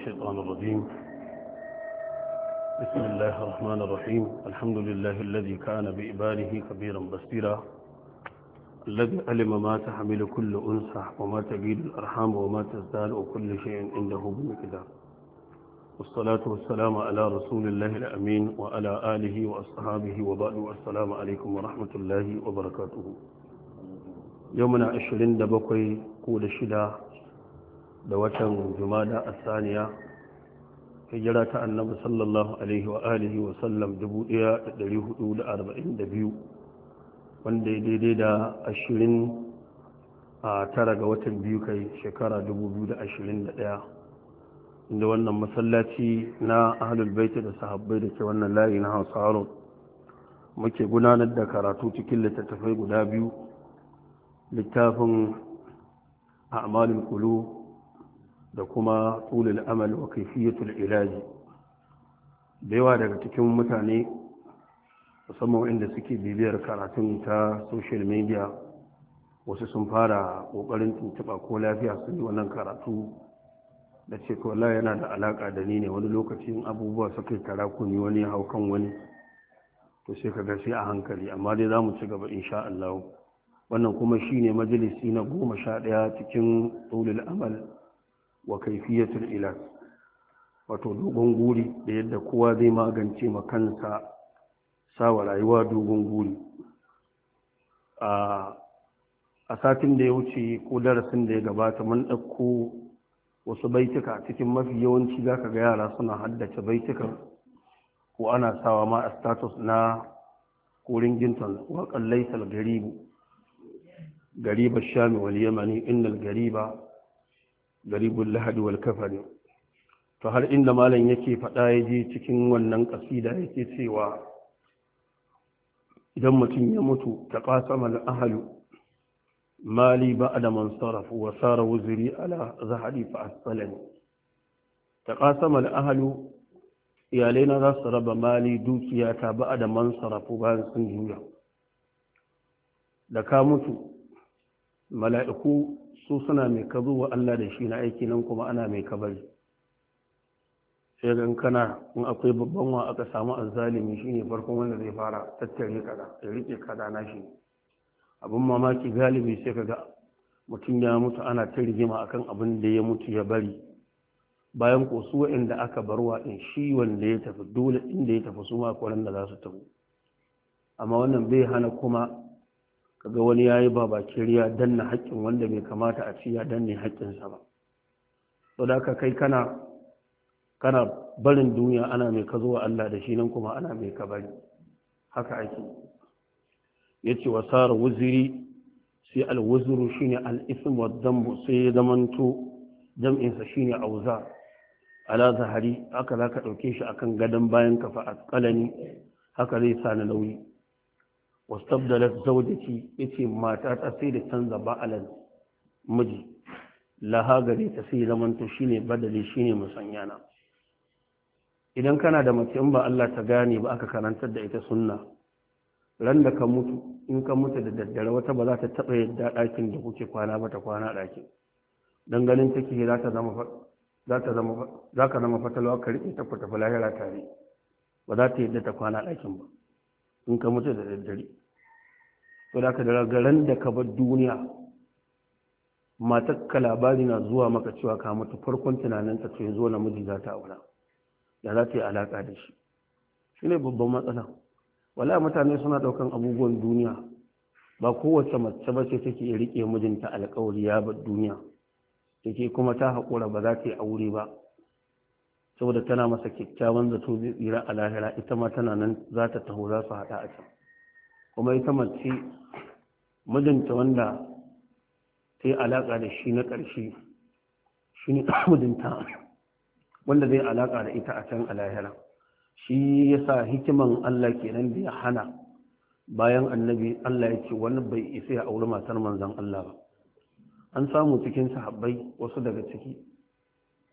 الشيطان الرجيم بسم الله الرحمن الرحيم الحمد لله الذي كان بإباره كبيرا بصيرا الذي علم ما تحمل كل أنثى وما تجيد الأرحام وما تزداد وكل شيء عنده بمقدار والصلاة والسلام على رسول الله الأمين وعلى آله وأصحابه وبعد والسلام عليكم ورحمة الله وبركاته يومنا دبقي قول شدا da watan jumada asaniya hijira ta annabi sallallahu alaihi wa alihi wa sallam 1442 wanda ya daidai da 20 a tara ga watan biyu kai shekara 2021 inda wannan masallaci na ahlul baiti da sahabbai da ke wannan layi na hausa muke gudanar da karatu cikin littattafai guda biyu littafin a amalin kulu. da kuma tulul amal wa kaifiyatul ilaji da yawa daga cikin mutane musamman inda suke bibiyar karatun ta social media wasu sun fara kokarin tuntuɓa ko lafiya sun yi wannan karatu da ce kola yana da alaƙa da ni ne wani lokacin abubuwa suka yi kuni wani haukan wani to sai ka sai a hankali amma dai za mu ci gaba insha Allah wannan kuma shine majalisi na goma sha ɗaya cikin tsulul amal wa kaifiyatul ilaj wato dogon guri da yadda kowa zai magance ma kansa sawa rayuwa dogon guri a satin da ya wuce ko darasin da ya gabata mun ɗauko wasu baituka cikin mafi yawanci za ka ga yara suna haddace baitukan ko ana sawa ma a status na kurin gintan waƙan laisal garibu gariba shami wal yamani innal gariba garibul lahadi wal kafani to har inda malam yake faɗa ya je cikin wannan ƙasida yake cewa idan mutum ya mutu ta ƙasama ahalu mali ba da man sarrafa wa sara ala zahari fa asalani ta ƙasama ahalu iyalai na za su raba mali dukiya ta ba da man sarrafa bayan sun juya da ka mutu mala'iku su suna mai ka wa Allah da shi na aiki nan kuma ana mai ka bari. sai ga kana in akwai babban wa aka samu azzalimi shine farkon wanda zai fara tattare kada ya rike kada na shi abin mamaki galibi sai ka ga. mutum ya mutu ana ta rigima akan abin da ya mutu ya bari bayan ko su inda aka barwa in shi wanda ya tafi dole inda ya tafi su ma kwanan da za su tafi amma wannan bai hana kuma kaga wani yayi ba kiriya danna haƙƙin wanda bai kamata a ci ya danne haƙƙinsa ba to da ka kai kana kana barin duniya ana mai ka zuwa Allah da shi nan kuma ana mai ka bari haka ake yace Sara wuziri sai alwuzuru shine al-ism wa dhanbu sai zamanto Jam'insa sa shine auza ala zahari haka zaka ɗauke shi akan gadon bayan ka fa asqalani haka zai sa na nauyi wastabdalat zawjati yace mata ta sai da canza ba'alar miji Lahagari gare ta sai shi ne, badali shi ne musanyana idan kana da mace in ba Allah ta gane ba aka karantar da ita sunna ran da ka mutu in ka mutu da daddare wata ba za ta taɓa yadda ɗakin da kuke kwana ba ta kwana ɗakin don ganin take za ta za ka zama fatalwa ka riƙe ta kwata lahira tare ba za ta yadda ta kwana ɗakin ba in ka mutu da daddare to da ka garan da ka bar duniya matakka labari na zuwa maka cewa ka mutu farkon tunaninta to yanzu wani miji za ta aura da za ta yi alaƙa da shi shi ne babban matsala wala mutane suna ɗaukan abubuwan duniya ba kowace mace ba ce take riƙe mijinta alƙawari ya bar duniya take kuma ta haƙura ba za ta yi aure ba saboda tana masa kyakkyawan zato zai tsira a lahira ita ma tana nan za ta taho za su haɗa a can kuma ita mace mijinta wanda ta yi alaƙa da shi na ƙarshe shi ne mijinta wanda zai alaƙa da ita a can alahira shi ya sa hikiman Allah kenan da ya hana bayan annabi Allah ya ce wani bai isa ya auri matar manzan Allah ba an samu cikin sahabbai wasu daga ciki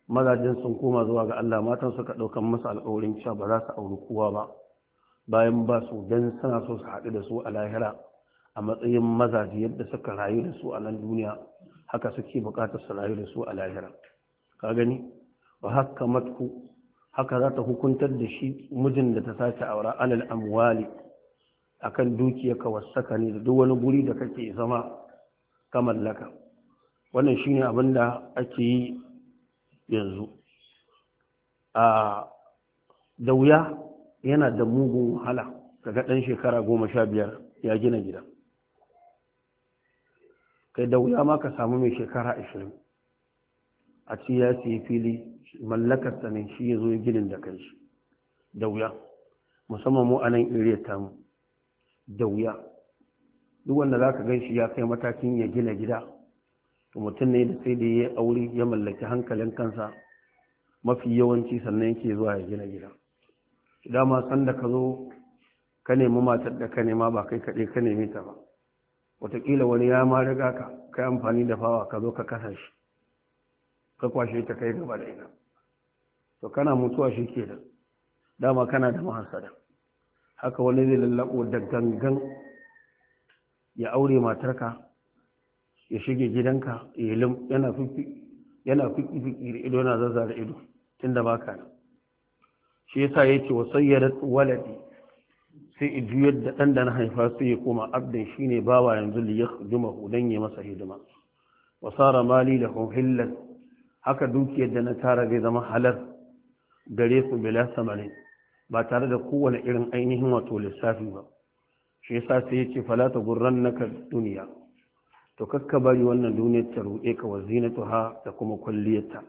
mazajen sun koma zuwa ga Allah matan suka ɗaukan masa alƙawarin cewa ba za su auri kowa ba bayan ba su don suna so su haɗu da su a lahira a matsayin mazaje yadda suka rayu da su a nan duniya haka suke buƙatar su rayu da su a lahira ka gani wa haka matku haka za ta hukuntar da shi mijin da ta sace aura alal amwali akan ka wasaka ne da duk wani guri da kake zama ka mallaka wannan shine abin da ake yi yanzu a ah, da wuya yana da mugun wahala ga ɗan shekara goma sha biyar ya gina gida kai da wuya ma ka samu mai shekara ashirin a ci ya siye fili mallakar sanin shi ya zo ginin da kai shi da wuya musamman mu a nan iriyar tamu da wuya duk wanda za ka gan shi ya kai matakin ya gina gida to mutum ne da sai da ya yi aure ya mallaki hankalin kansa mafi yawanci sannan yake zuwa ya gina gida dama sanda ka zo ka nemi matar da ka nema ba kai kaɗai ka nemi ta ba watakila wani ya ma riga ka kai amfani da fawa ka zo ka kasa shi ka kwashe ta kai gaba da ina to kana mutuwa shi ke nan dama kana da mahasada haka wani zai lallaɓo da gangan ya aure matarka ya shige gidanka ya yana fiki fiki da ido yana zazzara ido tun da baka nan shi yasa ce wasayyarat waladi sai in juyar da ɗan da na haifa sai ya koma abdin shi ne bawa yanzu da ya hudan don ya masa hidima wasara mali da kuhillar haka dukiyar da na tara zai zama halar gare su bila samanin ba tare da kowane irin ainihin wato lissafi ba shi yasa sai ya ce falata gurran naka duniya to kakka bari wannan duniyar ta ruɗe ka wa zinatuha da kuma kwalliyarta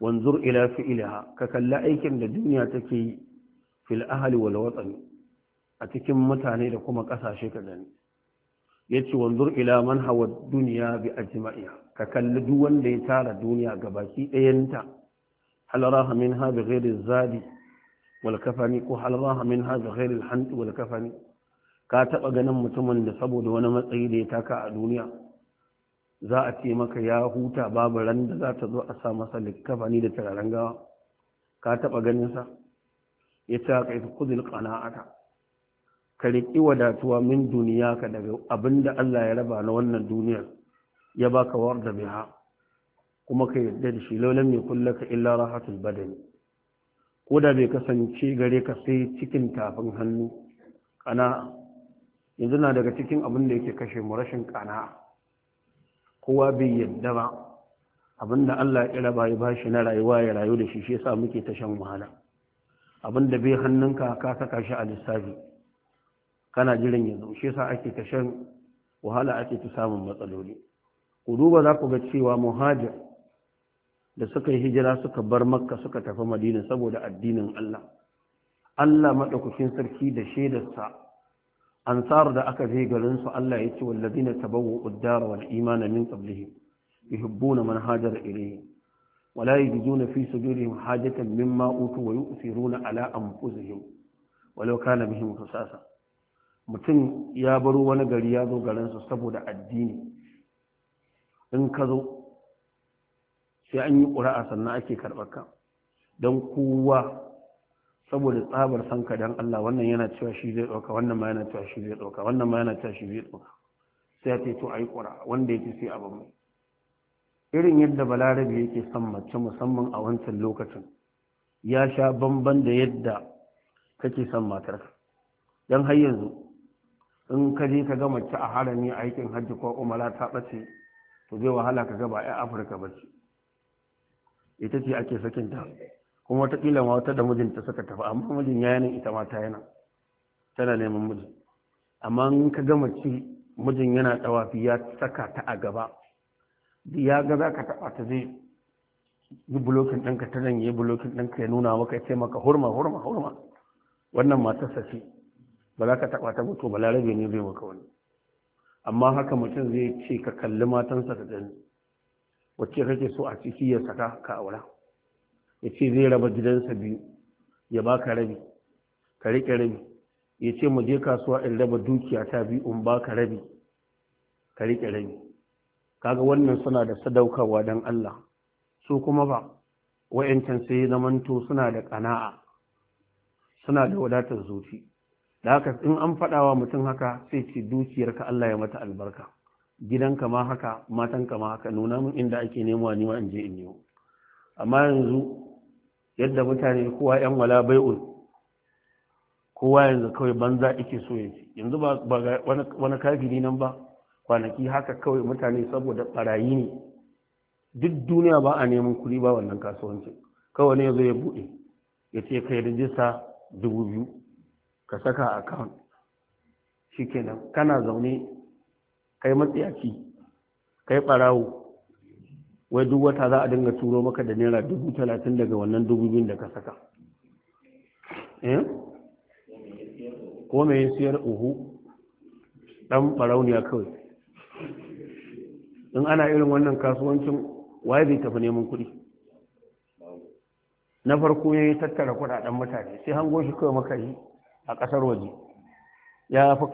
wanzur ila fi'liha ka kalla aikin da duniya take yi fil ahali wal watani a cikin mutane da kuma kasashe ka gani yace wanzur ila man hawa duniya bi ajma'iha ka kalli duk wanda ya tara duniya baki ɗayanta hal raha minha bi ghairi zadi wal kafani ko hal raha minha bi ghairi al hanti wal kafani ka taba ganin mutumin da saboda wani matsayi da ya taka a duniya za a ce maka ya huta babu ran da za ta zo a sa masa likkafani da turaren gawa ka taɓa sa ya ce ka yi kudin ƙana'ata ka riƙi wadatuwa min duniya ka daga abinda Allah ya raba na wannan duniyar ya baka war da biha kuma ka yarda da shi laulan mai kulla ka illa rahatul badani ko da bai kasance gare ka sai cikin tafin hannu ƙana'a yanzu na daga cikin abinda da yake kashe mu rashin ƙana'a kowa bai yadda ba abinda Allah ya raba ya bashi na rayuwa ya rayu da shi shi yasa muke ta shan wahala abinda bai hannunka ka saka shi a lissafi kana jiran yanzu shi yasa ake ta shan wahala ake ta samun matsaloli ku duba za ku ga cewa muhajir da suka yi hijira suka bar makka suka tafi madina saboda addinin Allah Allah maɗaukakin sarki da shaidarsa ansar da aka je garin su Allah ya ce wallazina tabawwa'u ad-dara wal imana min qablihim yuhibbuna man hajara ilayhi ولا يجدون في صدورهم na مما أوتوا ويؤثرون على أنفسهم ولو كان بهم خصاصة mutum ya baro wani gari ya zo garinsa saboda addini in ka zo sai an yi ƙura'a sannan ake ka. don kowa saboda tsabar sanka dan Allah wannan yana cewa shi zai ɗauka wannan ma yana cewa shi zai ɗauka wannan ma yana cewa shi zai ɗauka sai ce to ai ƙura wanda yake sai abin irin yadda balarabi yake son mace musamman a wancan lokacin ya sha bamban da yadda kake son matar dan har yanzu in ka je ka ga mace a harami aikin hajji ko umara ta ɓace to zai wahala ka ga ba a afirka ba ce ita ce ake sakinta kuma watakila ma wata da mijinta suka tafi amma mijin ya yanin ita mata yana tana neman miji amma in ka gama ci mijin yana tsawafi ya saka ta a gaba ya ga za ka taɓa ta zai yi bulokin ɗanka ta zan yi bulokin ɗanka ya nuna maka ya ce maka hurma hurma hurma wannan mata ce ba za ka taɓa ta mutu ba larabe ne zai maka wani amma haka mutum zai ce ka kalli matansa da dani wacce kake so a ciki ya saka ka aura ya ce zai raba gidansa biyu ya ba ka rabi ka riƙe rabi ya ce mu je kasuwa in raba dukiya ta biyu in ba ka rabi ka riƙe rabi kaga wannan suna da sadaukarwa don Allah su kuma ba wa'yancan sai zamanto suna da kana'a suna da wadatar zuci da haka in an faɗawa mutum haka sai ce dukiyarka Allah ya mata albarka gidanka ma haka matanka ma haka nuna min inda ake nemo ni ma in je in yi amma yanzu yadda mutane kowa yan wala bai'un kowa yanzu kawai banza ake so ya ci yanzu ba wani kafiri nan ba kwanaki haka kawai mutane saboda barayi ne duk duniya ba a neman kuɗi ba wannan kasuwanci. kawai ne zai buɗe ya ce kai rijista dubu biyu ka saka shi kenan. kana zaune kai matsiyaci kai ɓarawo wai duk wata za a dinga turo maka da naira dubu talatin daga wannan dubu biyun da ka saka eh? ko mai siyar uhu dan barauniya kawai in ana irin wannan kasuwancin waye zai tafi neman kuɗi na farko ya yi tattara kuɗaɗen mutane sai hango shi kawai maka yi a ƙasar waje ya fi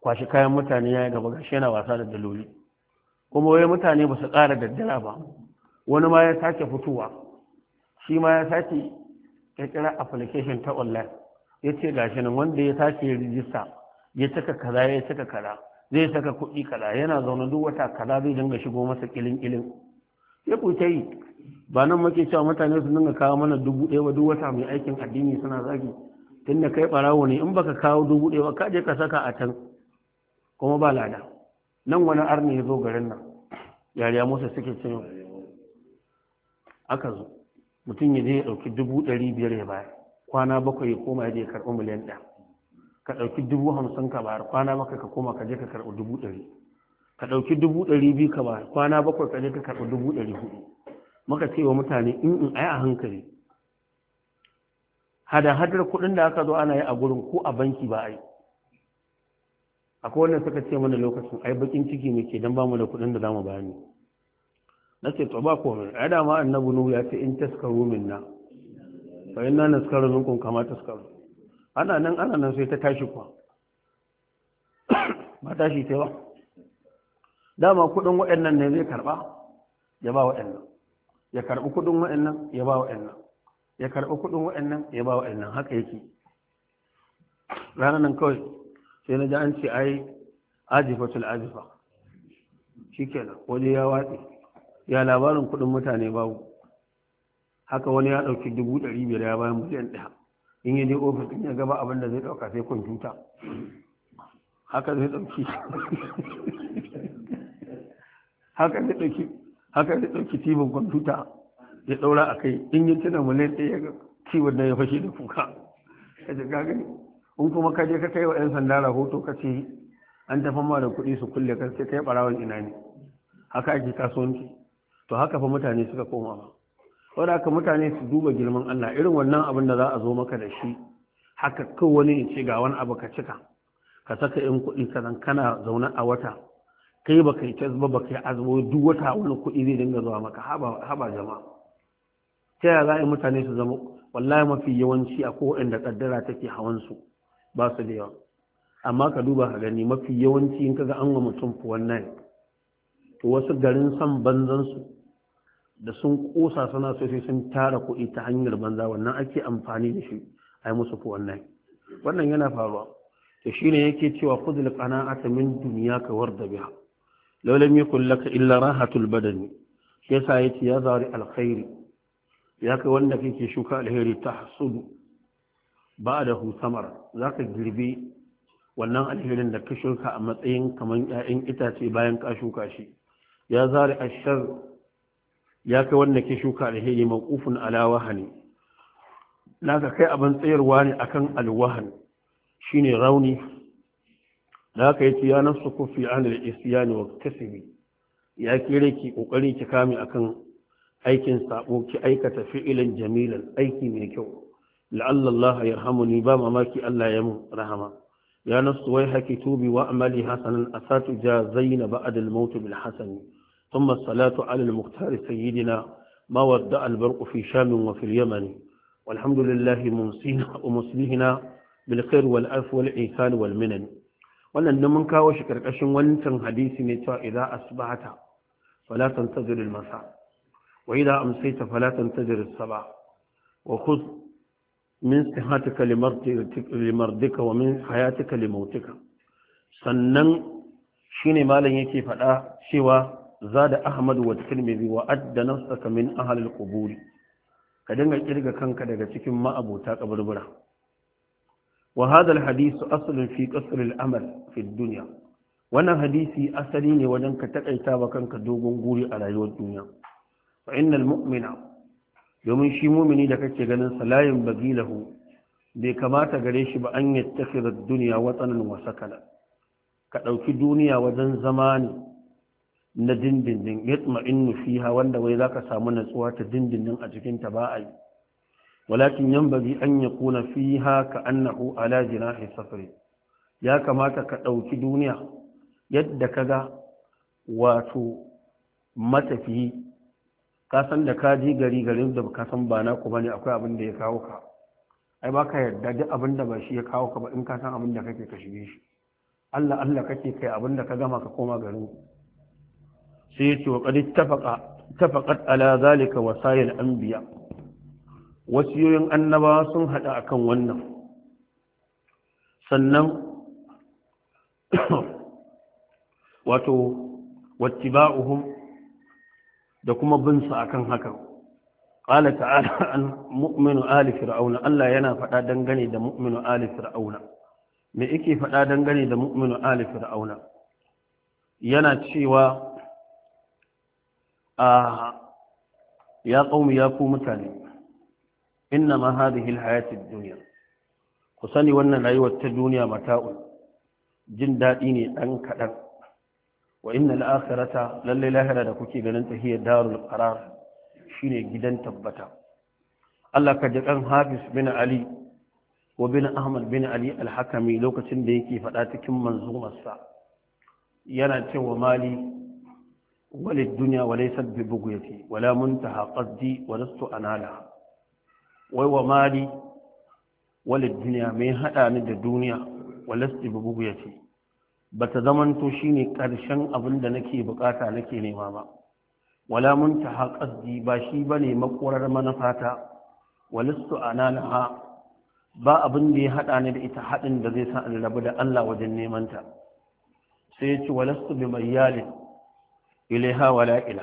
kwashi kayan mutane ya yi gaba gashi yana wasa da daloli kuma wai mutane ba su ƙara daddara ba wani ma ya sake fitowa shi ma ya sake ƙirƙirar application ta online ya ce gashi nan wanda ya sake rijista ya cika kaza ya cika kaza zai saka kuɗi kaza yana zaune duk wata kaza zai dinga shigo masa kilin kilin ya kuce yi ba nan muke cewa mutane su dinga kawo mana dubu ɗaya ba duk wata mai aikin addini suna zagi tunda kai ɓarawo ne in baka kawo dubu ɗaya ba ka je ka saka a can kuma ba lada nan wani arni ya zo garin nan yariya musa suke ce aka zo mutum ya je ya ɗauki dubu ɗari biyar ya bayar kwana bakwai ya koma ya je ya karɓi miliyan ɗaya ka ɗauki dubu hamsin ka bayar kwana bakwai ka koma ka je ka karɓi dubu ɗari ka ɗauki dubu ɗari biyu ka bayar kwana bakwai ka je ka karɓi dubu ɗari hudu Maka ce wa mutane in in yi a hankali hada hadar kuɗin da aka zo ana yi a gurin ko a banki ba a yi akwai wannan suka ce mana lokacin ai bakin ciki muke dan ba mu da kuɗin da zamu bayani na ce to ba komai ai da ma annabi nuhu ya ce in taskaru minna fa inna naskaru minkum kama taskaru ana nan ana nan sai ta tashi kuwa ba tashi ta ba dama kuɗin waɗannan ne zai karɓa ya ba waɗannan ya karɓi kuɗin waɗannan ya ba waɗannan ya karɓi kuɗin waɗannan ya ba waɗannan haka yake ranar nan kawai sai na ji an ce ai ajifatul ajifa shikenan waje ya watsi ya labarin kuɗin mutane babu haka wani ya ɗauki dubu ɗari biyar ya bayan miliyan ɗaya in yi ne ofis ya gaba abin da zai ɗauka sai kwamfuta haka zai ɗauki haka zai ɗauki haka zai ɗauki tibin kwamfuta ya ɗaura a kai in yi tuna miliyan ɗaya ga tibin na ya fashe da kuka ya ce gagani in kuma ka je ka kai wa 'yan sanda rahoto ka ce an tafi ma da kuɗi su kulle ka sai kai ɓarawan ina ne haka ake kasuwanci to haka fa mutane suka koma ba wanda haka mutane su duba girman Allah irin wannan abin da za a zo maka da shi haka kai wani in ce ga wani abu ka cika ka saka 'yan kuɗi kanan kana zaune a wata kai baka yi ba ba kai azumi duk wata wani kuɗi zai dinga zuwa maka haba jama'a ta yaya za a yi mutane su zama wallahi mafi yawanci a kowanne da kaddara take hawan su ba su da yawa amma ka duba ka gani mafi yawanci in kaga an ga mutum fuwan nan to wasu garin san su da sun kosa suna so sai sun tara kuɗi ta hanyar banza wannan ake amfani da shi ai musu fuwan nan wannan yana faruwa to shine yake cewa khudhul qana'ata min dunyaka warda biha law lam yakul laka illa rahatul badani yasa yace ya zari alkhairi ya kai wanda kake shuka alheri ta hasudu ba da husamar za ka girbi wannan alherin da ka shuka a matsayin kamar 'ya'yan itace bayan ka shuka shi ya zari ashar ya kai wanda ke shuka alheri alawaha ala wahani naka kai abin tsayarwa ne akan alwahan shine rauni naka yace ya nafsu kufi an al-isyan wa ya kire ki kokari ki kame akan aikin sabo ki aikata fi'ilan jamilan aiki mai kyau la'alla Allah yarhamuni ba mamaki Allah ya mu rahama ya nafsu wai haki tubi wa amali hasanan asatu ja zaina ba'd maut bil hasan thumma salatu ala al-muqtar sayyidina ma wadda al-barq fi sham wa fi al-yaman والحمد لله ممسينا ومصلحنا بالخير والعفو والإيثار والمنن wannan da mun kawo shi karkashin wancan hadisi ne cewa idan asbahata fala tantazir al-masa wa idan amsayta fala tantazir as-sabah wa khudh min sihatika limarduka wa min hayatika limautika sannan shine malam yake faɗa cewa zada ahmad wa tirmidhi wa adda nafsaka min ahli al-qubur ka dinga kirga kanka daga cikin ma'abota kaburbura wa hadha al-hadith aslun fi qasr al-amal fi ad-dunya wannan hadisi asali ne wajen ka takaita wa kanka dogon guri a rayuwar duniya fa innal mu'mina domin shi mumini da kake ganin salayin bagilahu bai kamata gare shi ba an yattakhidha duniya watsanan wa ka ɗauki duniya wajen zama ne na dindindin yatma'innu fiha wanda wai za ka samu natsuwa ta dindindin a cikin ta ba a yi walakin Bagi an kuna fiha ka annahu ala jinahi safari ya kamata ka ɗauki duniya yadda ka ga wato matafi. ka san da ka ji gari garin da ka san ba na ku bane akwai abin da ya kawo ka ai ba ka yarda duk abin da ba shi ya kawo ka ba in ka san abin da kake ka shige shi Allah Allah kake kai abin da ka gama ka koma garin sai yace wa qad ittafaqa ittafaqat ala zalika wasayil anbiya wasiyoyin annabawa sun hada akan wannan sannan wato wattiba'uhum da kuma bin su akan haka qala ta'ala an mu'minu ali fir'auna Allah yana faɗa dangane da mu'minu ali fir'auna me yake faɗa dangane da mu'minu ali fir'auna yana cewa a ah, ya qaumi ya ku mutane inna ma hadhihi alhayati ad-dunya ku sani wannan rayuwar ta duniya mata'un jin daɗi ne ɗan kaɗan wa inna al'akhirata lalle lahira da kuke ganin ta hiya darul qarar shine gidan tabbata Allah ka ji kan Hafiz bin Ali wa bin Ahmad bin Ali al-Hakami lokacin da yake faɗa cikin manzumarsa yana cewa mali وللدنيا وليست ببغيتي ولا منتهى قصدي ولست أنالها وهو ni da duniya هداني الدنيا ولست ببغيتي ba ta zamanto shi ne ƙarshen abin da nake bukata nake nema ba wala mun ta haƙasdi ba shi ba ne makwarar manufata walistu ananaha ba abin da ya haɗa ni da ita haɗin da zai sa in rabu da Allah wajen nemanta sai ya ci walastu bi Ile ilaiha wala ila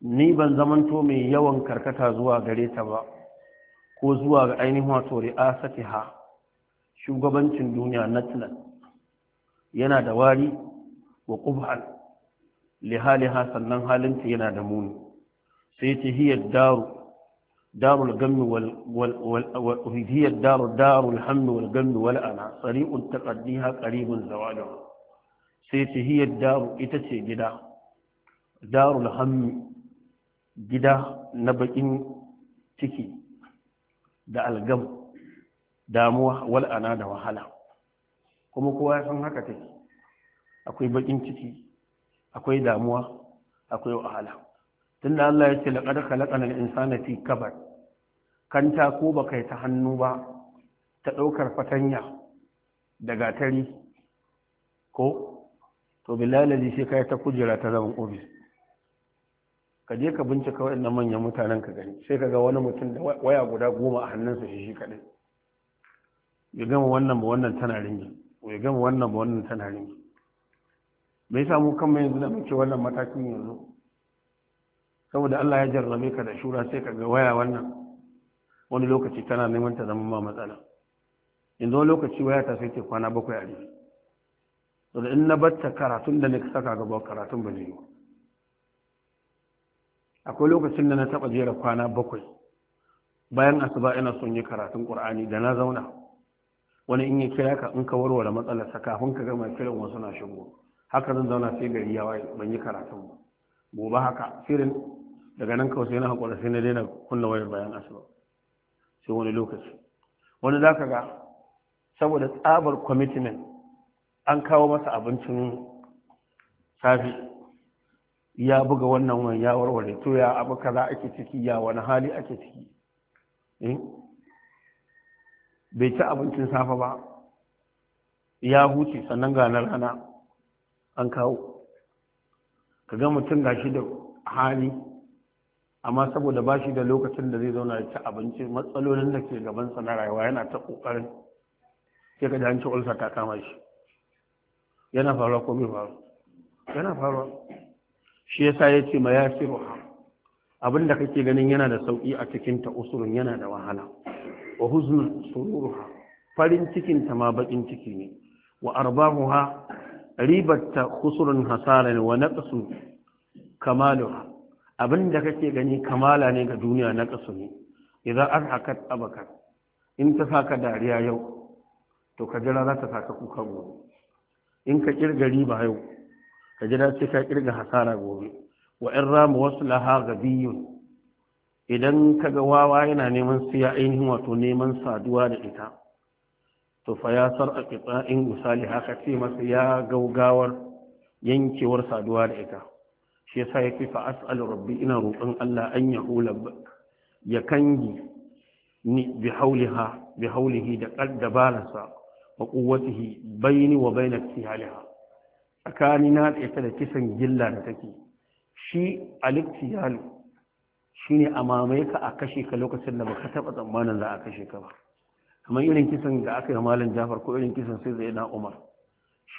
ni ban zamanto mai yawan karkata zuwa gare ta ba ko zuwa ga ainihin wato ri'asatiha shugabancin duniya natlan yana da wari wa ƙubhal li haliha sannan halinta yana da muni sai ce hiyar daru hiyar daru daru ita ce gida daru hannu gida na baƙin ciki da algam damuwa wal'ana da wahala kuma kowa ya san haka take akwai bakin ciki akwai damuwa akwai wahala Tun da Allah ya ce laqad khalaqana al-insana fi kabad kanta ko baka yi ta hannu ba ta ɗaukar fatanya da gatari ko to billahi sai kai ta kujera ta zaman ofis ka je ka bincika waɗannan manyan mutanen ka gani sai ka ga wani mutum da waya guda goma a hannunsa shi shi kaɗai ya gama wannan ba wannan tana ringi Wai gama wannan ba wannan tana rinki me yasa mu kanmu yanzu da muke wannan matakin yanzu saboda Allah ya jarrabe ka da shura sai ka ga waya wannan wani lokaci tana neman ta zama ma matsala yanzu wani lokaci waya ta sai ke kwana bakwai a jiki saboda in na batta karatun da na saka gaba karatun ba zai yi akwai lokacin da na taɓa jera kwana bakwai bayan asuba ina son yi karatun qur'ani da na zauna wani in ya kira ka in ka warware sa kafin ka gama kiran wasu na shigo haka zan zauna sai gari ya waye ban yi karatun gobe haka sirin daga nan kawai sai na haƙura sai na daina kunna wayar bayan asuba sai wani lokaci wani za ka ga saboda tsabar commitment an kawo masa abincin safi ya buga wannan wani ya warware to ya abu kaza ake ciki ya wani hali ake ciki eh? bai ci abincin safe ba ya huce sannan ga na rana an kawo ka ga mutum gashi da hali amma saboda ba shi da lokacin da zai zauna ya ci abinci matsalolin da ke gabansa na rayuwa yana ta ƙoƙarin sai ka ji ulsa ta kama shi yana faruwa ko bai faru yana faruwa shi yasa ya ce ma ya siru abin da kake ganin yana da sauƙi a cikin ta usurun yana da wahala wa huzun sururuha farin cikin ta ma bakin ciki ne wa arbahuha ribatta khusrun ne wa naqsu kamaluha abinda kake gani kamala ne ga duniya na kasu ne idan an hakat abakar, in ta saka dariya yau to ka jira za ta saka kuka gobe in ka kirga riba yau ka jira sai ka kirga hasara gobe wa in ramu wasu laha gabiyun idan ka ga wawa yana neman siya ainihin wato neman saduwa da ita to fa ya sar a kitsa'in misali haka ce masa ya gaugawar yankewar saduwa da ita shi yasa ya fi fa'as'al rabbi ina roƙon Allah an ya hula ya kangi ni bi hauliha bi haulihi da qaddabalansa wa quwwatihi baini wa baina ihtihaliha tsakani na da ita da kisan gilla da take shi aliktiyalu ne a mamaye ka a kashe ka lokacin da baka taba tsammanin za a kashe ka ba kamar irin kisan da aka yi malam Jafar ko irin kisan sai zai na Umar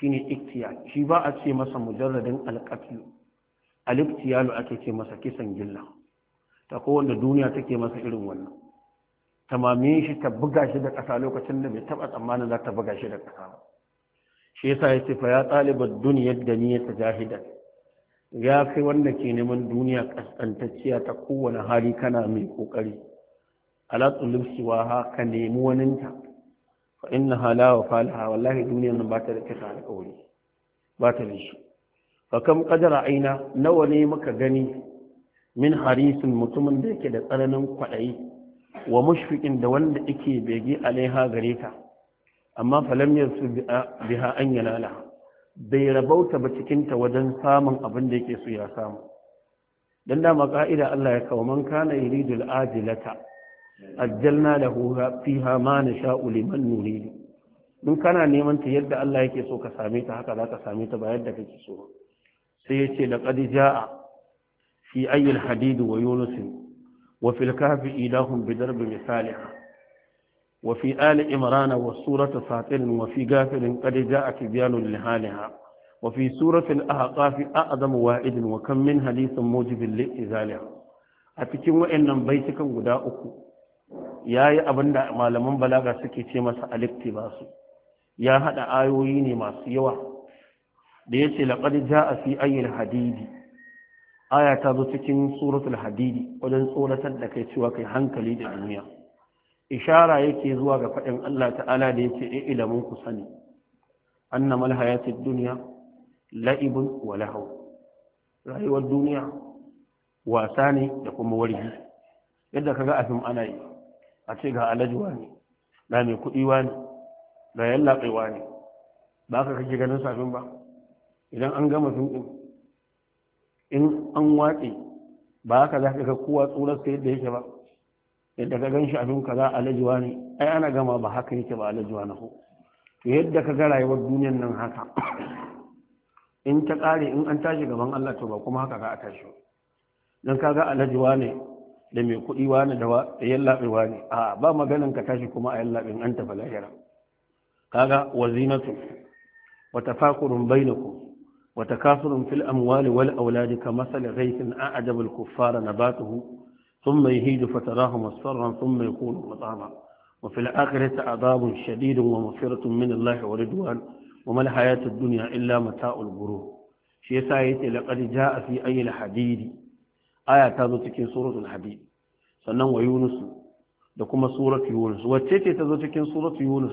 ne iktiya shi ba a ce masa mujarradin alqatl al lo ake ce masa kisan gilla ta kowanne duniya take masa irin wannan ta mame shi ta buga shi da ƙasa lokacin da bai taba tsammanin za ta buga shi da ƙasa shi yasa ce fa ya talibar duniyar da niyyar ta jahidan ya kai wanda ke neman duniya kaskantacciya ta kowane hali kana mai kokari ala tsulubsiwa haka ka nemi waninta fa inna halawa falaha wallahi duniyar nan ba ta da kisa alƙawari ba ta da shi fa kam qadara aina nawa ne maka gani min harisin mutumin da yake da tsananin kwaɗayi wa mushfiqin da wanda yake bege alaiha gare ta amma falam su biha an yanala bai rabauta ba cikinta wajen samun abin da yake so ya samu don dama ka'ida Allah ya kawo man kana yuridul ajilata ajjalna lahu fiha ma nasha'u liman nurid mun kana neman ta yadda Allah yake so ka same ta haka za ka same ta ba yadda kake so sai ya ce laqad jaa fi ayyil hadid wa yunus wa fil kahfi ilahum bi darb misaliha وفي آل إمران وسورة فاطر وفي غافر قد جاء تبيان لحالها وفي سورة الأحقاف أعظم وائد وكم من حديث موجب لإزالها أتكين وإن بيتك غداؤك يا يا أبن malaman balaga suke ce masa aliktibasu ya hada ayoyi ne masu yawa da yace laqad jaa fi ayyil hadidi aya ta zo cikin suratul hadidi wajen tsoratar da kai cewa kai hankali da duniya ishara yake zuwa ga faɗin Allah ta'ala da yake in eh, ilamin ku sani mal hayatid dunya la'ibun wa lahaw rayuwar duniya wasa ne da kuma wargi yadda kaga a fim ana yi a ce ga alajuwa ne da mai kuɗi wa ne da yallaɓewa ne ba ka kake ganin safin ba idan an gama fim ɗin in an watse ba ka za ka ga kowa tsoron yadda yake ba yadda ka gan shi abin kaza alajuwa ne ai ana gama ba haka yake ba alajuwa na ho to yadda ka ga rayuwar duniyar nan haka in ta ƙare in an tashi gaban Allah to ba kuma haka ka a tashi don ka ga alajuwa ne da mai kuɗi wani da yallaɓewa ne a ba maganin ka tashi kuma a yallaɓin an tafi lahira kaga wazinatu wa tafakurun bainakum وتكاثر في الأموال والأولاد كمثل غيث أعجب الكفار نباته ثم يهيج فتراه مصفرا ثم يكون مطعما وفي الآخرة عذاب شديد ومغفرة من الله ورضوان وما الحياة الدنيا إلا متاع الغرور شيء سايتي لقد جاء في أي الحديد آية تازو تكين سورة الحديد سنن ويونس لكما سورة يونس وتيتي تازو تكين سورة يونس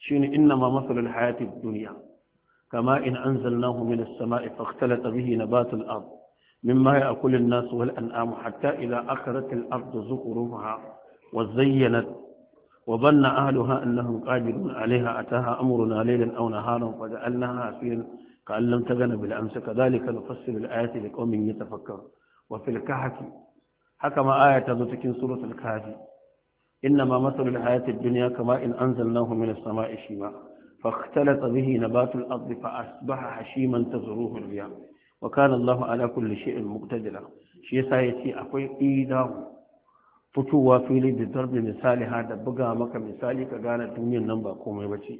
شين إنما مثل الحياة الدنيا كما إن أنزلناه من السماء فاختلط به نبات الأرض مما يأكل الناس والأنعام حتى إذا أخذت الأرض زخرفها وزينت وظن أهلها أنهم قادرون عليها أتاها أمرنا ليلا أو نهارا فجعلناها عصيرا كأن لم تغن بالأمس كذلك نفسر الآيات لقوم يتفكر وفي الكهف حكم آية تذكر سورة الكهف إنما مثل الحياة الدنيا كما إن أنزلناه من السماء شيما فاختلط به نبات الأرض فأصبح حشيما تزروه الرياح wa kana Allahu ala kulli shay'in muqtadira shi yasa yace akwai ida fitowa fili da darbi misali ha da buga maka misali ka gane duniyar nan ba komai bace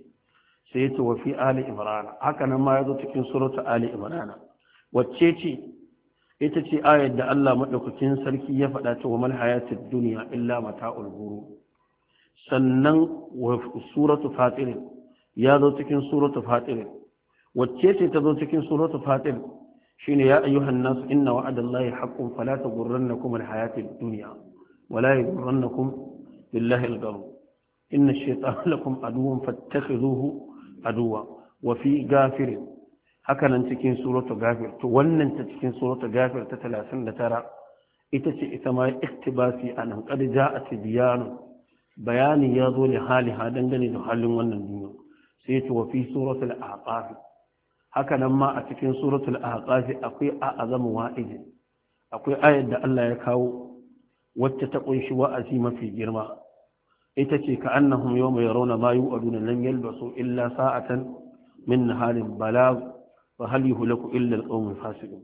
sai yace wa fi ali imran haka nan ma yazo cikin suratu ali imran wacce ce ita ce ayar da Allah madaukakin sarki ya faɗa ta wa mal hayatid dunya illa mata'ul ghurur sannan wa suratu fatir ya zo cikin suratu fatir wacce ce ta zo cikin suratu fatir shine ya ayyuhan nas inna wa'adallahi haqqun fala taghurrannakum alhayatid dunya wala yaghurrannakum billahi alghurur inna ash-shaytana lakum aduwwun fattakhidhuhu aduwwa wa fi ghafir hakanan cikin suratul ghafir to wannan ta cikin suratul ghafir ta 39 ita ce ita ma iktibasi a nan ƙarja a tibiyanu bayani ya zo ne hali ha dangane da halin wannan duniya sai ta wafi wa fi suratul aqaf haka nan ma a cikin suratul ahqaf akwai a'azamu wa'id akwai ayar da Allah ya kawo wacce ta kunshi wa'azi mafi girma ita ce ka annahum yawma yarawna ma yu'aduna lam yalbasu illa sa'atan min halin balagh fa hal yuhlaku illa al-qawmul fasiqun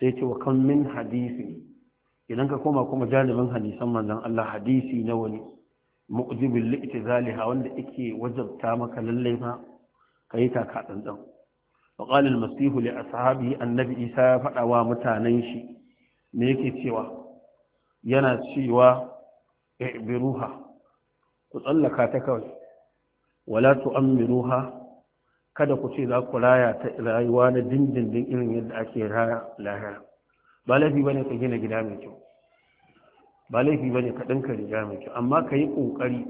sai ce wa kam min hadisi idan ka koma kuma janibin hadisan manzon Allah hadisi na wani mu'jibul li'tizaliha wanda yake wajabta maka lallai fa kai ta ka tsantsan فقال المسيح لأصحابه النبي إيسا فأوى متانيشي ميكي سوى ينا سوى اعبروها تطلقا تكوي ولا تؤمروها kada ku ce za ku raya ta rayuwa na dindindin irin yadda ake raya lahira ba laifi bane ka gina gida mai kyau ba laifi bane ka ɗinka riga mai kyau amma ka yi ƙoƙari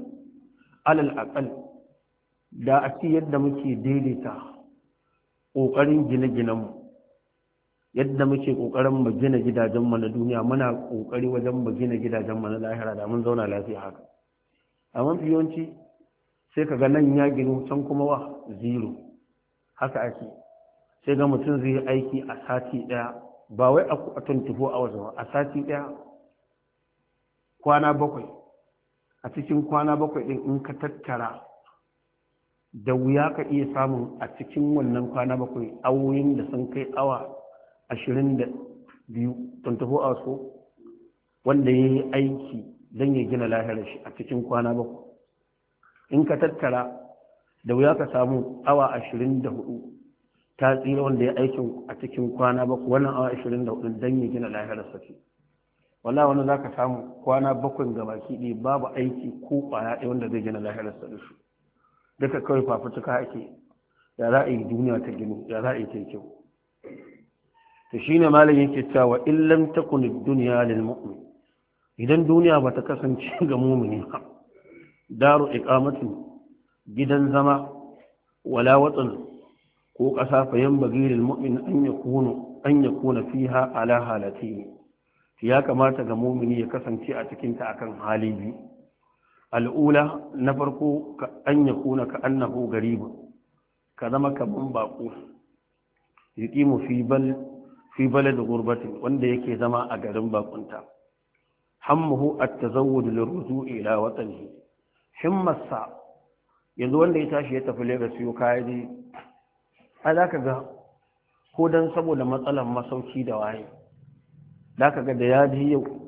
alal aƙal da a ci yadda muke daidaita ƙoƙarin gine-ginenmu yadda muke ƙoƙarin mu gina gidajenmu na duniya muna ƙoƙari wajen mu gina gidajenmu na lahira da mun zauna lafiya haka a mafi yawanci sai ka ga nan ya gino, can kuma wa zero haka ake sai ga mutum zai aiki a sati ɗaya ba wai a tuntuho a wajen a sati ɗaya kwana bakwai a cikin kwana bakwai ɗin in ka tattara da wuya ka iya samun a cikin wannan kwana bakwai awoyin da sun kai awa ashirin da biyu tuntufo a so wanda ya yi aiki don ya gina lahirar shi a cikin kwana bakwai in ka tattara da wuya ka samu awa ashirin da hudu ta tsira wanda ya aikin a cikin kwana bakwai wannan awa ashirin da hudu don ya gina lahirar sa ce wala wani za ka samu kwana bakwai ga baki ɗaya babu aiki ko ƙwaya ɗaya wanda zai gina lahirar sa da shi duka kawai fafutuka ake ya za a yi duniya ta gino ya za a yi ta kyau to shi ne malin yake cewa illan ta duniya lil mu'min idan duniya ba ta kasance ga mumini ba daru iqamatu gidan zama wala watan ko ƙasa fayan bagiril mu'min an ya kuno an ya kuna fiha ala halati ya kamata ga mumini ya kasance a cikinta akan hali biyu al'ula na farko ka an ya kuna ka gari gariba ka zama kaman baƙo yuqimu fi bal fi balad wanda yake zama a garin bakunta hammuhu at da lirruju'i ila watanihi himmarsa yanzu wanda ya tashi ya tafi Lagos yau A ai ka ga ko don saboda matsalar masauki da waye ka ga da ya ji yau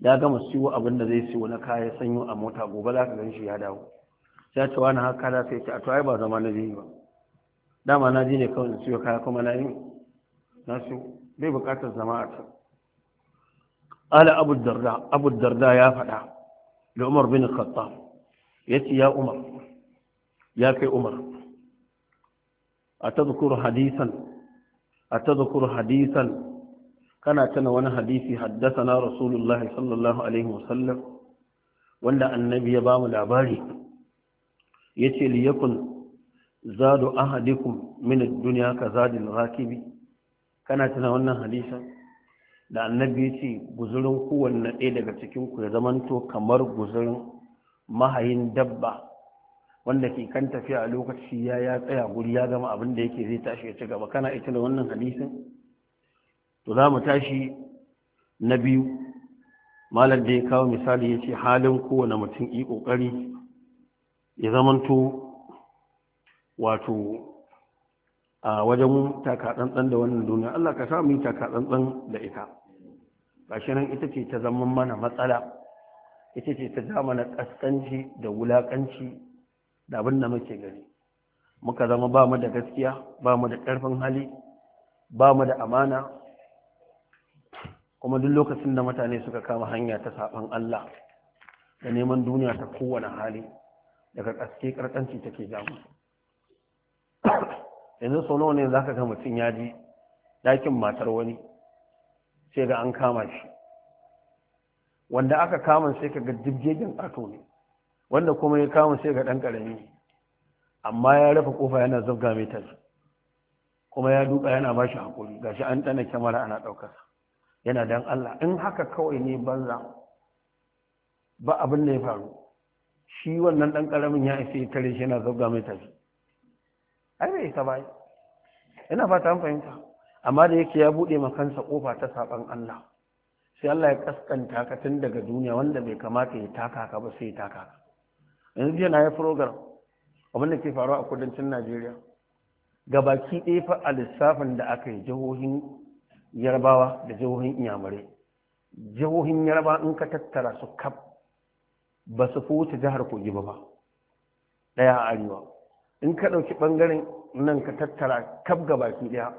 ya gama siyo abin da zai siyo na kaya sanyo a mota gobe za ka gan shi ya dawo sai ta wani haka da sai ce a to ai ba zama na biyu ba dama na ji ne kawai su siyo kaya kuma na yi na siyo bai buƙatar zama a can ala abu darda abu darda ya faɗa da umar bin khattab ya ce ya umar ya kai umar a tazkuru hadisan a hadisan kana tana wani hadisi haddasana rasulullahi sallallahu alaihi wasallam wanda annabi ya bamu labari yace ce yakun zadu ahadikum min duniya dunya ka zadil rakibi kana tana wannan hadisa da annabi yace guzurin kowanne ɗaya daga cikin ku ya zamanto kamar guzurin mahayin dabba wanda ke kan tafiya a lokaci ya ya tsaya guri ya gama abin da yake zai tashi ya ci gaba kana ita da wannan hadisin to za mu tashi na biyu malar da ya kawo misali ya ce halin kowane mutum yi ƙoƙari ya zamanto wato a wajen takatsantsan da wannan duniya Allah ka sa yi takatsantsan da ita shi nan ita ce ta zama mana matsala ita ce ta zama na ƙasƙanci da wulaƙanci da abin da muke gani muka zama ba mu da gaskiya ba mu da ƙarfin hali ba mu da amana kuma duk lokacin da mutane suka kama hanya ta saban Allah da neman duniya ta kowane hali daga ƙaske ƙarƙanci take jamu yanzu sau nawa ne za ka ga mutum ya ji ɗakin matar wani sai ga an kama shi wanda aka kama sai ka ga dibgegen ƙato ne wanda kuma ya kama sai ga ɗan ƙarami amma ya rufe ƙofa yana zubga mai kuma ya duka yana ba shi haƙuri gashi an ɗana kyamara ana ɗaukarsa yana dan Allah in haka kawai ne banza ba abin da ya faru shi wannan dan karamin ya isa kare shi yana zauga mai tafi ai bai isa bai ina fata an fahimta amma da yake ya bude ma kansa kofa ta saban Allah sai Allah ya kaskanta ka tun daga duniya wanda bai kamata ya taka ka ba sai ya taka ka yanzu jiya na ya program abin da ke faruwa a kudancin Najeriya ga baki ɗaya fa a lissafin da aka yi jihohin yarbawa da jihohin inyamurai jihohin yarba in ka tattara su kaf ba su fi jihar kogi ba ba ɗaya a arewa in ka ɗauki ɓangaren nan ka tattara kaf ga baki ɗaya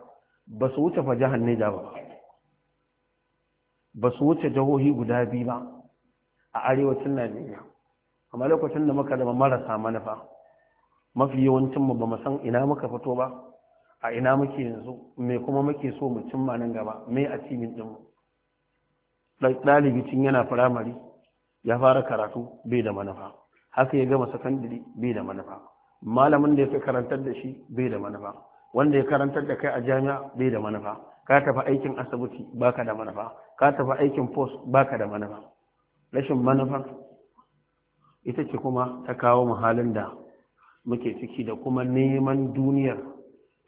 ba su wuce fa jihar neja ba ba su wuce jihohi guda biyu ba a arewacin najeriya amma lokacin da muka zama marasa manufa mafi yawancin mu ba mu san ina muka fito ba a ina muke yanzu me kuma muke so mu cimma nan gaba me a cimin ɗinmu ɗalibi cin yana firamare ya fara karatu bai da manufa haka ya gama sakandare bai da manufa malamin da ya fi karantar da shi bai da manufa wanda ya karantar da kai a jami'a bai da manufa ka tafi aikin asibiti baka da manufa ka tafi aikin post baka da manufa rashin manufa ita ce kuma ta kawo muhalin da muke ciki da kuma neman duniyar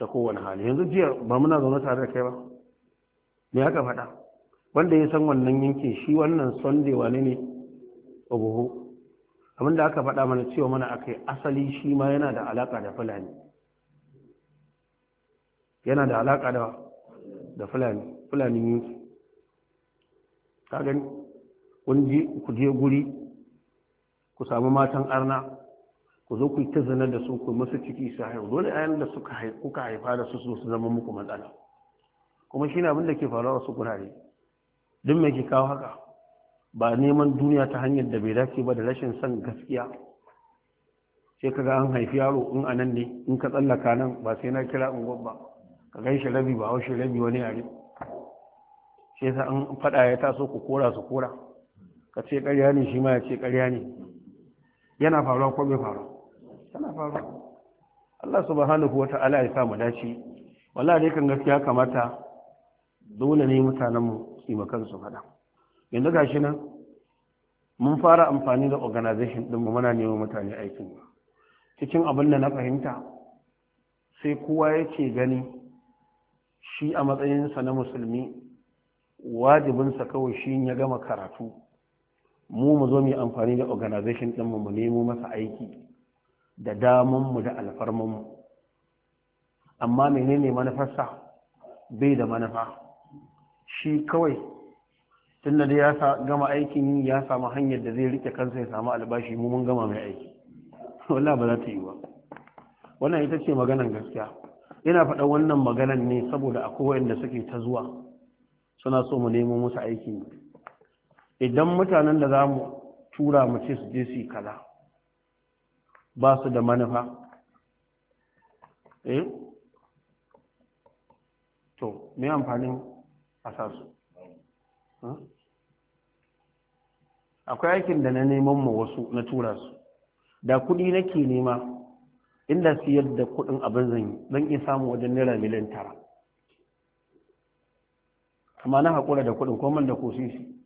ta kowane hali yanzu jiya ba muna zaune tare da kai ba me haka faɗa wanda ya san wannan yanki shi wannan sunday wani ne Abin da aka faɗa mana cewa mana akai asali shi ma yana da alaƙa da fulani yana da alaƙa da da fulani fulanin yanki ka gani kun je guri ku samu matan arna ku zo ku yi ta zina da su ku masu ciki su haihu dole a da suka kuka haifa da su su zama muku matsala kuma ne abin da ke faruwa su gurare duk mai ke kawo haka ba neman duniya ta hanyar da bai dace ba da rashin son gaskiya sai ka ga an haifi yaro in a nan ne in ka tsallaka nan ba sai na kira in gwabba ka gan shi rabi ba wasu rabi wani yare sai sa an faɗa ya taso ku kora su kora ka ce ƙarya ne shi ma ya ce ƙarya ne yana faruwa ko bai faruwa tana faru Allah subhanahu wa ta'ala ya samu dace wallahi ne kan gaskiya kamata dole ne mutanen mu su maka su fada yanzu gashi nan mun fara amfani da organization din mu muna neman mutane aikin cikin abin da na fahimta sai kowa yake gani shi a matsayin sa na musulmi wajibinsa kawai shi ya gama karatu mu mu zo mu amfani da organization din mu mu nemo masa aiki da damanmu da mu. amma menene manufarsa bai da manufa shi kawai tun da ya gama aikin yi ya samu hanyar da zai rike kansa ya samu albashi mu mun gama mai aiki Wala ba za ta yi ba wannan ita ce maganar gaskiya ina faɗa wannan maganan ne saboda akwai wanda suke ta zuwa suna so mu nemo musu aiki idan mutanen da za mu tura mu ce su je su yi kaza ba su da manufa eh to me amfanin a sa akwai aikin da na neman ma wasu na tura su da kudi nake nema inda siyar da kudin abin zan yi zan iya samu wajen naira miliyan tara amma na haƙura da kudin koman da kosisi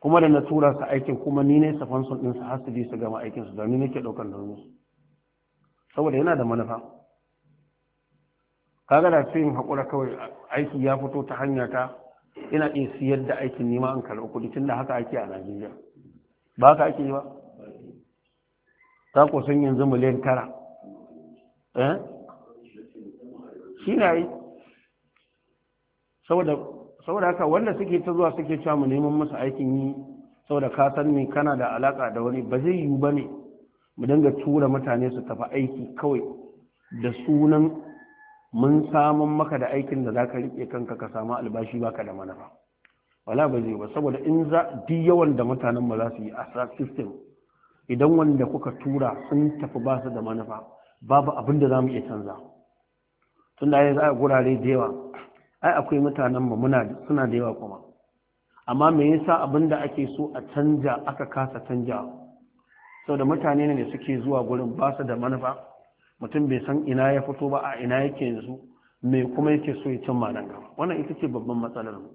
kuma da na tura su aikin kuma ni ne safan sun ɗinsu har su bi su gama aikinsu su ni nake ɗaukar nauyin saboda yana da manufa kaga da sai yin haƙura kawai aiki ya fito ta hanya ta ina iya siyar da aikin nema an karɓi kuɗi tun da haka ake a najeriya ba haka ake yi ba ta kusan yanzu miliyan tara eh shi na yi saboda saboda haka wanda suke ta zuwa suke cewa mu neman masu aikin yi saboda ka san me kana da alaka da wani ba zai yiwu ba ne mu dinga tura mutane su tafi aiki kawai da sunan mun samun maka da aikin da zaka rike kanka ka samu albashi baka da manufa wala ba zai ba saboda in za di yawan da mutanen ba za su yi a system idan wanda kuka tura sun tafi ba su da manufa babu abin da za mu iya canza tun da ya za a gurare da yawa ai akwai mutanen mu suna da yawa kuma amma me yasa abin da ake so a canja aka kasa canja saboda mutane ne suke zuwa gurin ba su da manufa mutum bai san ina ya fito ba a ina yake yanzu me kuma yake so ya cimma nan gaba wannan ita ce babban matsalar mu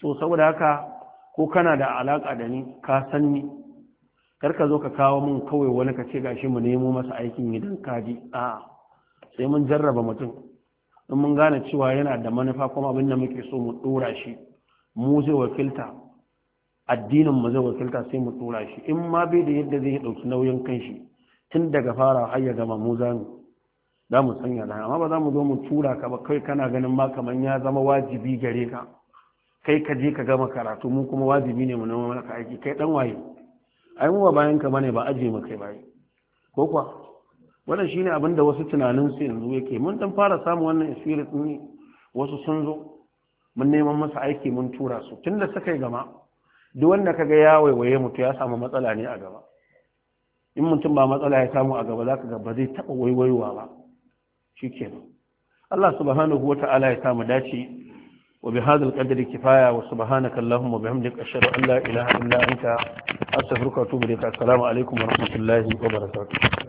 so saboda haka ko kana da alaka da ni ka san ni kar ka zo ka kawo min kawai wani ka ce gashi mu nemo masa aikin gidan kaji a sai mun jarraba mutum in mun gane cewa yana da manufa kuma abin da muke so mu dora shi mu zai wakilta addinin mu zai wakilta sai mu dora shi in ma bai da yadda zai dauki nauyin kanshi tun daga fara har ya gama mu za mu za mu sanya da amma ba za mu zo mu tura ka ba kai kana ganin ma kaman ya zama wajibi gare ka kai ka je ka gama karatu mu kuma wajibi ne mu nemo maka aiki kai dan waye ai mu ba bayan ka bane ba aje mu kai bai ko kuwa wannan shine abin da wasu tunanin su yanzu yake mun dan fara samu wannan experience ne wasu sun zo mun neman masa aiki mun tura su tunda suka yi gama duk wanda kaga ya waiwaye mutu ya samu matsala ne a gaba in mutum ba matsala ya samu a gaba zaka ga ba zai taba waiwayowa ba shikenan Allah subhanahu wata'ala ya samu dace wa bi hadal qadri kifaya wa subhanaka allahumma wa bihamdika ashhadu an la ilaha illa anta astaghfiruka wa atubu ilaik alaikum wa rahmatullahi wa